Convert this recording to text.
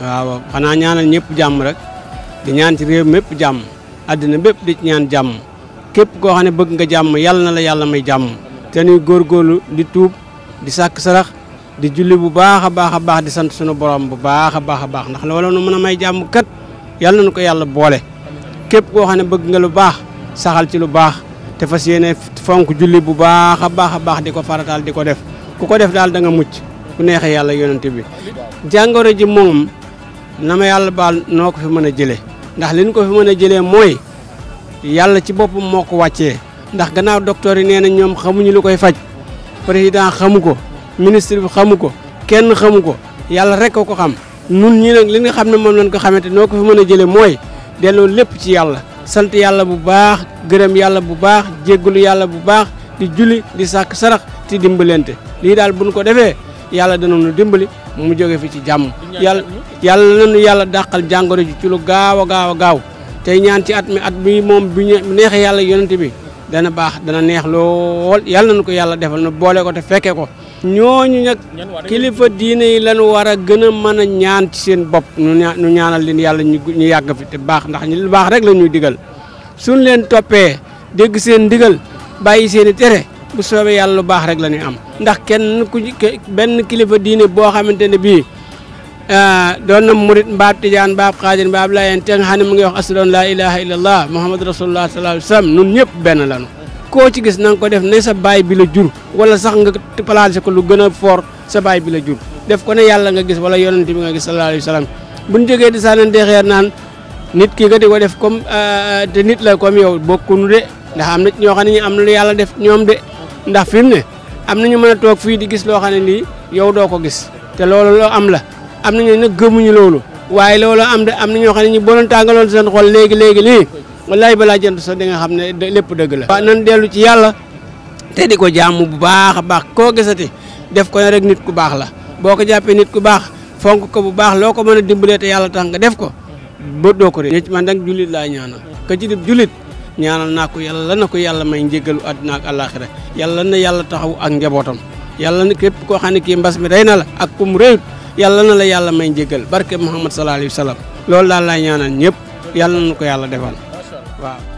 waaw xanaa ñaanal ñëpp jàmm rek di ñaan ci réew mépp jàmm àddina bépp di ñaan jàmm képp koo xam ne bëgg nga jàmm yàlla na la yàlla may jàmm te nuy lu di tuub di sàkk sarax di julli bu baax a baax a baax di sant sunu borom bu baax a baax a baax ndax la loolu nu mën a may jàmm kat yàlla nañu ko yàlla boole képp koo xam ne bëgg nga lu baax saxal ci lu baax te fas yéene fonk julli bu baax a baax a baax di ko farataal di ko def ku ko def daal da nga mucc ku neexee yàlla yonent bi na ma yàlla baal noo ko fi mën a jëlee ndax li ñu ko fi mën a jëlee mooy yàlla ci boppam moo ko wàccee ndax gannaaw docteur yi nee na ñoom xamuñu lu koy faj président xamu ko ministre bi xamu ko kenn xamu ko yàlla rek ko ko xam nun ñi nag li nga xam ne moom lañ ko xamante noo ko fi mën a jëlee mooy delloo lépp ci yàlla sant yàlla bu baax gërëm yàlla bu baax jéggalu yàlla bu baax di julli di sàkk sarax ti dimbalante lii daal buñ ko defee yàlla danañu dimbali mu jóge fi ci jàmm yàlla yàlla nañu yàlla dàqal jàngoro ji ci lu gaaw a gaaw a gaaw tey ñaan ci at mi at bi moom bi neexee yàlla yonent bi dana baax dana neex lool yàlla nañu ko yàlla defal na boole ko te fekkee ko ñooñu nag kilifa diine yi lañu war a gën a mën a ñaan ci seen bopp ñu ñaanal leen yàlla ñu yàgg fi te baax ndax ñu baax rek la ñuy digal suñ leen toppee dégg seen ndigal bàyyi seen tere bu soobee yàlla lu baax rek la ñuy am ndax kenn ku benn kilifa diine boo xamante ne bii ah, doon na murit mbaab tijaan mbaab xaadir mbaab la te nga xam ne mu ngi la asadoon laa ilaha illallah muhammad rasulullah sallallahu alayhi wa sallam nun ñëpp benn lanu koo ci gis na ko def ne sa baay bi la jur wala sax nga placé ko lu gën a fort sa baay bi la jur def ko ne yàlla nga gis wala yonent bi nga gis sallallahu alayhi wa sallam buñ jógee di sànnante xeer naan nit ki nga di ko def comme ah, te nit la comme yow bokkunu de ndax am na ñoo xam ne ndax fi mu ne am na ñu mën a toog fii di gis loo xam ne lii yow doo ko gis te loolu loo am la am na ñu nag gëmuñu loolu waaye loolu am de am na ñoo xam ne ñu bonoon tàngaloon seen xol léegi léegi lii wallaay balaa jant sax di nga xam ne lépp dëgg la. waaw nan dellu ci yàlla te di ko jaamu bu baax a baax koo gisati def ko ne rek nit ku baax la boo ko jàppee nit ku baax fonk ko bu baax loo ko mën a dimbalee te yàlla tax def ko ba doo ko rek. man nag jullit laa ñaanal ñaanal naa ko yàlla na ko yàlla may njéggalu àdduna ak àllaaxira yàlla na yàlla taxaw ak njabootam yàlla na képp koo xam ne kii mbas mi rey na la ak ku réyut yàlla na la yàlla may njéggal barke Muhammad sallallahu alayhi wa loolu daal laay ñaanal ñëpp yàlla na ko yàlla defal waaw